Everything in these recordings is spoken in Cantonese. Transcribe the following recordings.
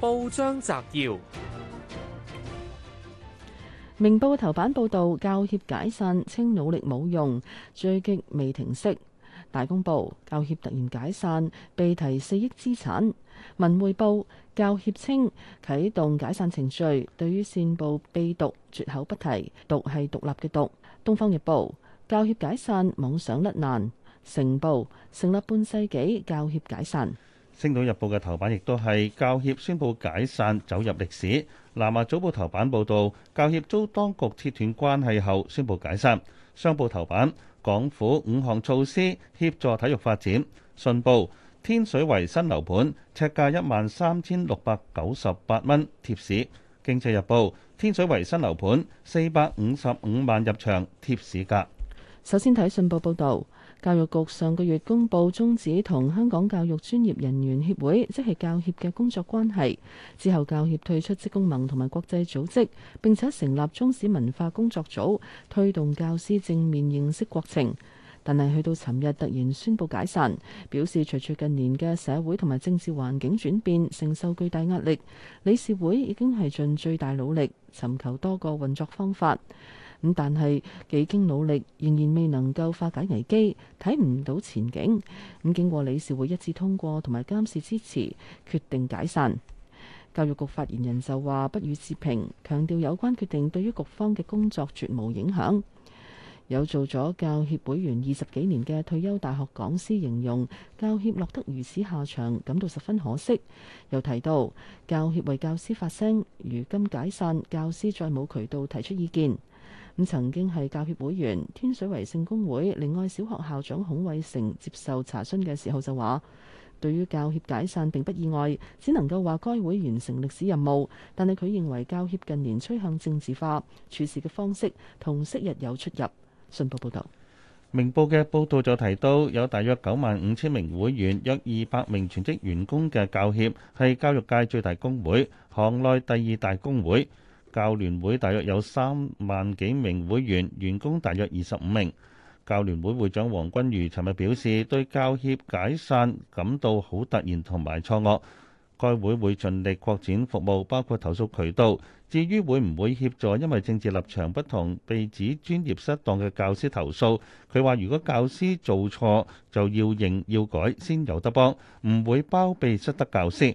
報章摘要：明報頭版報道教協解散，稱努力冇用，追擊未停息。大公報教協突然解散，被提四億資產。文匯報教協稱啟動解散程序對於，對於善報被篤絕口不提，篤係獨立嘅篤。東方日報教協解散，妄想甩難。成報成立半世紀，教協解散。《星島日報》嘅頭版亦都係教協宣布解散，走入歷史，《南華早報》頭版報道教協遭當局切斷關係後宣布解散。商報頭版，港府五項措施協助體育發展。信報，天水圍新樓盤尺價一萬三千六百九十八蚊，貼市。《經濟日報》，天水圍新樓盤四百五十五萬入場貼士，貼市價。首先睇信報報道。教育局上個月公布終止同香港教育專業人員協會，即係教協嘅工作關係。之後，教協退出職工盟同埋國際組織，並且成立中史文化工作組，推動教師正面認識國情。但係去到尋日，突然宣布解散，表示隨住近年嘅社會同埋政治環境轉變，承受巨大壓力。理事會已經係盡最大努力，尋求多個運作方法。咁但係幾經努力，仍然未能夠化解危機，睇唔到前景。咁經過理事會一致通過同埋監事支持，決定解散。教育局發言人就話不予置評，強調有關決定對於局方嘅工作絕無影響。有做咗教協會員二十幾年嘅退休大學講師形容教協落得如此下場，感到十分可惜。又提到教協為教師發聲，如今解散，教師再冇渠道提出意見。曾經係教協會員，天水圍聖公會，另外小學校長孔偉成接受查詢嘅時候就話，對於教協解散並不意外，只能夠話該會完成歷史任務。但係佢認為教協近年趨向政治化，處事嘅方式同昔日有出入。信報報道，明報嘅報道就提到，有大約九萬五千名會員、約二百名全職員工嘅教協係教育界最大工會，行內第二大工會。教聯會大約有三萬幾名會員，員工大約二十五名。教聯會會長黃均瑜尋日表示，對教協解散感到好突然同埋錯愕。該會會盡力擴展服務，包括投訴渠道。至於會唔會協助因為政治立場不同被指專業失當嘅教師投訴，佢話如果教師做錯就要認要改先有得幫，唔會包庇失德教師。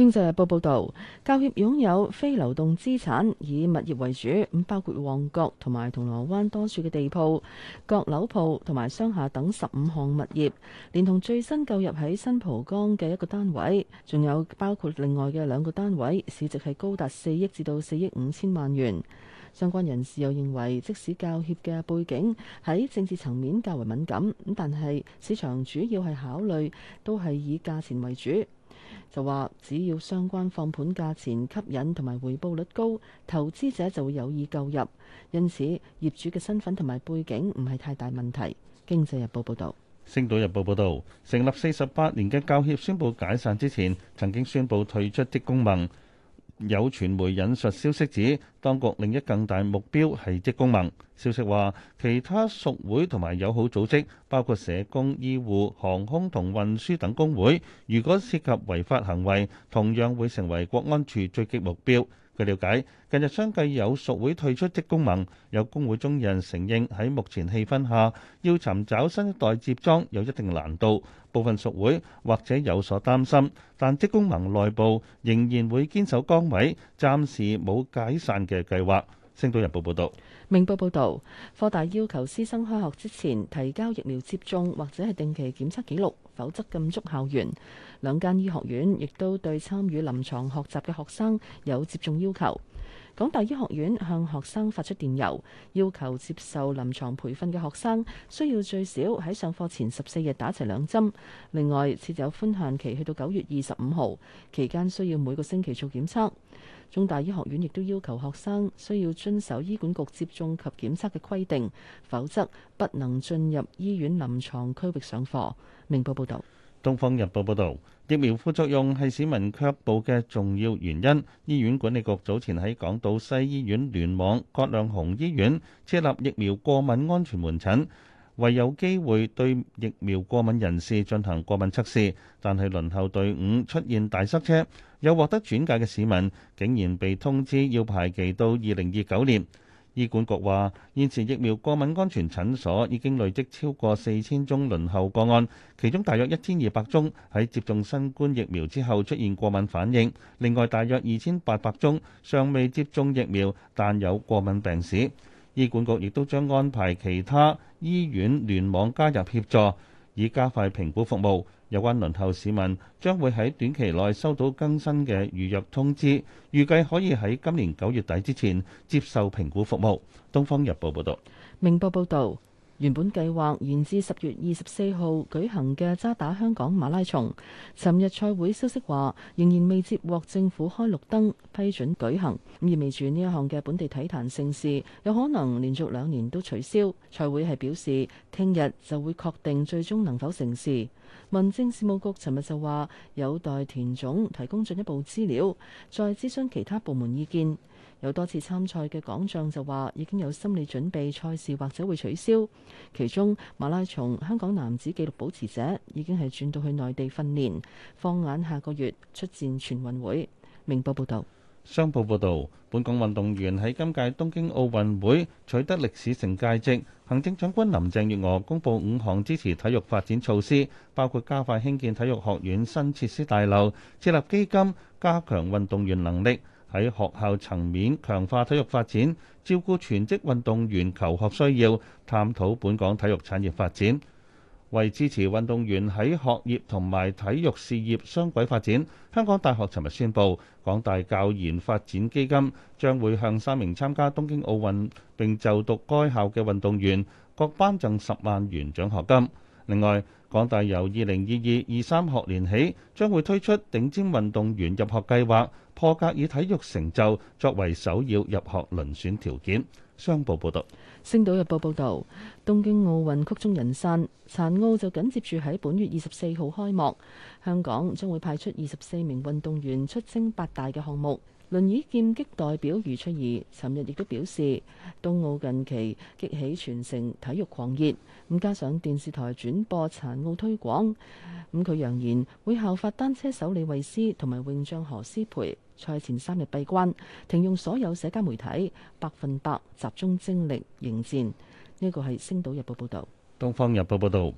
經濟日報報導，教協擁有非流動資產，以物業為主，咁包括旺角同埋銅鑼灣多處嘅地鋪、閣樓鋪同埋商廈等十五項物業，連同最新購入喺新蒲崗嘅一個單位，仲有包括另外嘅兩個單位，市值係高達四億至到四億五千萬元。相關人士又認為，即使教協嘅背景喺政治層面較為敏感，咁但係市場主要係考慮都係以價錢為主。就話只要相關放盤價錢吸引同埋回報率高，投資者就會有意購入。因此，業主嘅身份同埋背景唔係太大問題。經濟日報報道，星島日報報道，成立四十八年嘅教協宣布解散之前，曾經宣布退出職工盟。有傳媒引述消息指，當局另一更大目標係職工盟。消息話，其他屬會同埋友好組織，包括社工、醫護、航空同運輸等工會，如果涉及違法行為，同樣會成為國安處追擊目標。據了解，近日相繼有屬會退出職工盟，有工會中人承認喺目前氣氛下，要尋找新一代接莊有一定難度，部分屬會或者有所擔心，但職工盟內部仍然會堅守崗位，暫時冇解散嘅計劃。星島日報報道。明報報導，科大要求師生開學之前提交疫苗接種或者係定期檢測記錄，否則禁足校園。兩間醫學院亦都對參與臨床學習嘅學生有接種要求。港大醫學院向學生發出電郵，要求接受臨床培訓嘅學生需要最少喺上課前十四日打齊兩針。另外設有寬限期，去到九月二十五號期間，需要每個星期做檢測。中大醫學院亦都要求學生需要遵守醫管局接種及檢測嘅規定，否則不能進入醫院臨床區域上課。明報報道。《東方日報》報道，疫苗副作用係市民卻步嘅重要原因。醫院管理局早前喺港島西醫院聯網葛量洪醫院設立疫苗過敏安全門診。為有機會對疫苗過敏人士進行過敏測試，但係輪候隊伍出現大塞車，有獲得轉介嘅市民竟然被通知要排期到二零二九年。醫管局話，現時疫苗過敏安全診所已經累積超過四千宗輪候個案，其中大約一千二百宗喺接種新冠疫苗之後出現過敏反應，另外大約二千八百宗尚未接種疫苗但有過敏病史。醫管局亦都將安排其他醫院聯網加入協助，以加快評估服務。有關輪候市民將會喺短期內收到更新嘅預約通知，預計可以喺今年九月底之前接受評估服務。《東方日報》報道。《明報》報道。原本計劃延至十月二十四號舉行嘅渣打香港馬拉松，尋日賽會消息話仍然未接獲政府開綠燈批准舉行，意味住呢一項嘅本地體壇盛事有可能連續兩年都取消。賽會係表示聽日就會確定最終能否成事。民政事務局尋日就話有待田總提供進一步資料，再諮詢其他部門意見。有多次參賽嘅港將就話已經有心理準備，賽事或者會取消。其中馬拉松香港男子紀錄保持者已經係轉到去內地訓練，放眼下個月出戰全運會。明報報道，商報報道本港運動員喺今屆東京奧運會取得歷史性佳績。行政長官林鄭月娥公布五項支持體育發展措施，包括加快興建體育學院新設施大樓，設立基金加強運動員能力。喺學校層面強化體育發展，照顧全職運動員求學需要，探討本港體育產業發展。為支持運動員喺學業同埋體育事業雙軌發展，香港大學尋日宣布，港大教研發展基金將會向三名參加東京奧運並就讀該校嘅運動員各頒贈十萬元獎學金。另外，港大由二零二二二三學年起將會推出頂尖運動員入學計劃。破格以體育成就作為首要入學輪選條件。商報報道：《星島日報》報道，東京奧運曲終人散，殘奧就緊接住喺本月二十四號開幕。香港將會派出二十四名運動員出征八大嘅項目。輪椅劍擊代表余翠怡尋日亦都表示，東奧近期激起全城體育狂熱，咁加上電視台轉播殘奧推廣，咁佢揚言會效法單車手李慧詩同埋泳將何詩蓓。賽前三日閉關，停用所有社交媒體，百分百集中精力迎戰。呢個係《星島日報》報導，《東方日報》報導。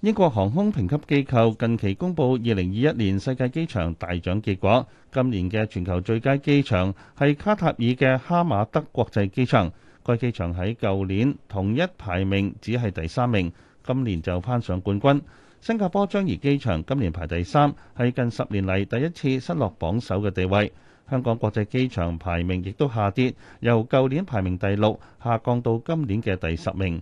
英國航空評級機構近期公布二零二一年世界機場大獎結果，今年嘅全球最佳機場係卡塔爾嘅哈馬德國際機場。該機場喺舊年同一排名只係第三名，今年就攀上冠軍。新加坡樟宜機場今年排第三，係近十年嚟第一次失落榜首嘅地位。香港國際機場排名亦都下跌，由舊年排名第六下降到今年嘅第十名。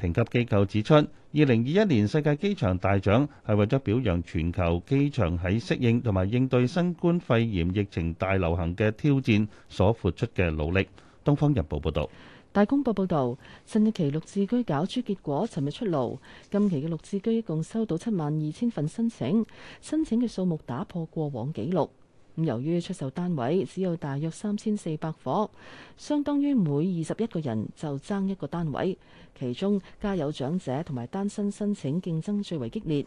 評級機構指出，二零二一年世界機場大獎係為咗表揚全球機場喺適應同埋應對新冠肺炎疫情大流行嘅挑戰所付出嘅努力。《東方日報》報導，大公報報導，新一期綠置居攪珠結果尋日出爐，今期嘅綠置居一共收到七萬二千份申請，申請嘅數目打破過往紀錄。由於出售單位只有大約三千四百伙，相當於每二十一個人就爭一個單位。其中，家有長者同埋單身申請競爭最為激烈。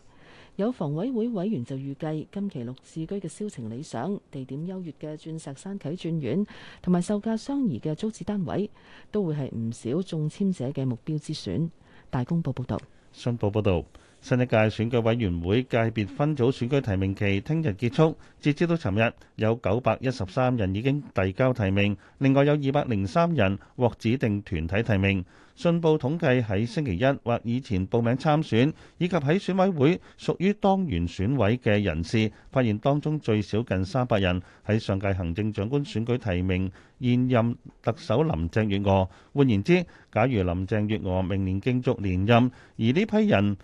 有房委會委員就預計，今期綠置居嘅銷情理想，地點優越嘅鑽石山啟鑽苑，同埋售價相宜嘅租置單位，都會係唔少中籤者嘅目標之選。大公報報導，新報報道。新一屆選舉委員會界別分組選舉提名期聽日結束，截至到尋日有九百一十三人已經遞交提名，另外有二百零三人獲指定團體提名。信報統計喺星期一或以前報名參選以及喺選委會屬於當然選委嘅人士，發現當中最少近三百人喺上屆行政長官選舉提名現任特首林鄭月娥。換言之，假如林鄭月娥明年競逐連任，而呢批人，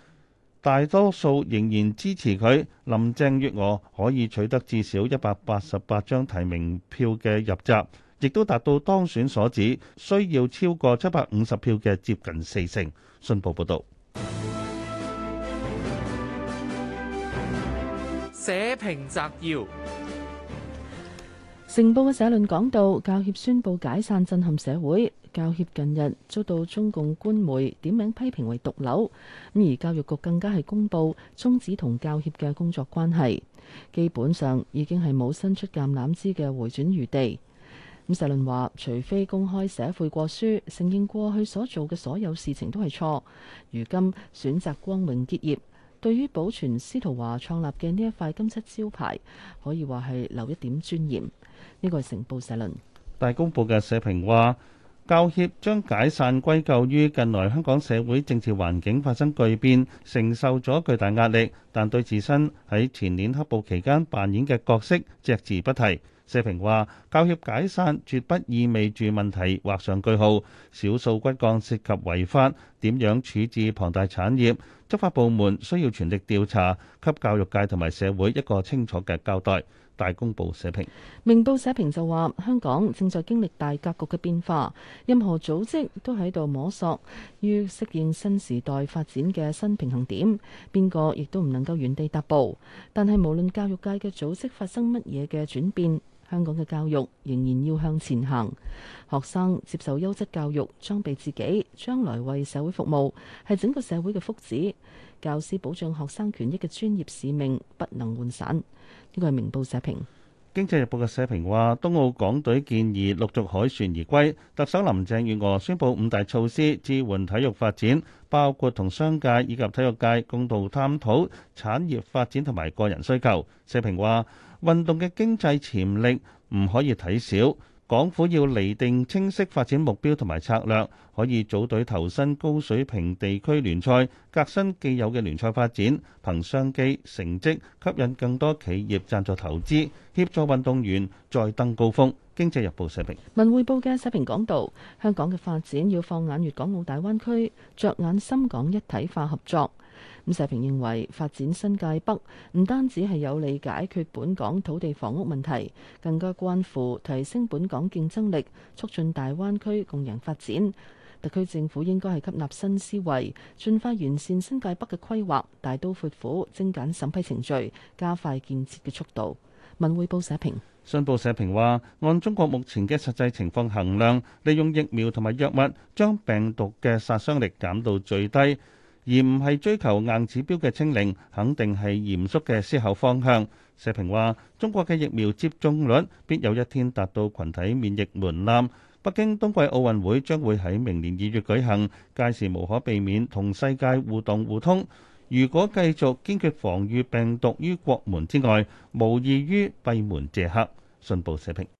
大多數仍然支持佢，林鄭月娥可以取得至少一百八十八張提名票嘅入閘，亦都達到當選所指需要超過七百五十票嘅接近四成。信報報道。社評摘要：成報嘅社論講到，教協宣布解散震撼社會。教協近日遭到中共官媒點名批評為毒瘤，咁而教育局更加係公布終止同教協嘅工作關係，基本上已經係冇伸出橄欖枝嘅回轉餘地。咁社論話，除非公開寫悔過書，承認過去所做嘅所有事情都係錯，如今選擇光榮結業，對於保存司徒華創立嘅呢一塊金漆招牌，可以話係留一點尊嚴。呢、這個係成報社論，大公報嘅社評話。教協將解散歸咎於近來香港社會政治環境發生巨變，承受咗巨大壓力，但對自身喺前年黑暴期間扮演嘅角色隻字不提。社評話：教協解散絕不意味住問題畫上句號，少數骨幹涉及違法，點樣處置龐大產業？執法部門需要全力調查，給教育界同埋社會一個清楚嘅交代。大公報社評，明報社評就話：香港正在經歷大格局嘅變化，任何組織都喺度摸索，要適應新時代發展嘅新平衡點，邊個亦都唔能夠原地踏步。但係無論教育界嘅組織發生乜嘢嘅轉變，香港嘅教育仍然要向前行，學生接受優質教育，裝備自己，將來為社會服務，係整個社會嘅福祉。教師保障學生權益嘅專業使命不能渙散。呢個係明報社評。經濟日報嘅社評話東澳港隊建議陸續凱旋而歸，特首林鄭月娥宣布五大措施支援體育發展，包括同商界以及體育界共同探討產業發展同埋個人需求。社評話。運動嘅經濟潛力唔可以睇小。港府要釐定清晰發展目標同埋策略，可以組隊投身高水平地區聯賽，革新既有嘅聯賽發展，憑商機成績吸引更多企業贊助投資，協助運動員再登高峰。經濟日報社評。文匯報嘅社評講道：香港嘅發展要放眼粵港澳大灣區，着眼深港一體化合作。咁社評認為發展新界北唔單止係有利解決本港土地房屋問題，更加關乎提升本港競爭力，促進大灣區共贏發展。特區政府應該係吸納新思維，盡快完善新界北嘅規劃，大刀闊斧精簡審批程序，加快建設嘅速度。文匯報社評，信報社評話，按中國目前嘅實際情況衡量，利用疫苗同埋藥物將病毒嘅殺傷力減到最低。而唔係追求硬指標嘅清零，肯定係嚴肅嘅思考方向。社評話：中國嘅疫苗接種率必有一天達到群體免疫門檻。北京冬季奧運會將會喺明年二月舉行，屆時無可避免同世界互動互通。如果繼續堅決防禦病毒於國門之外，無異於閉門謝客。信報社評。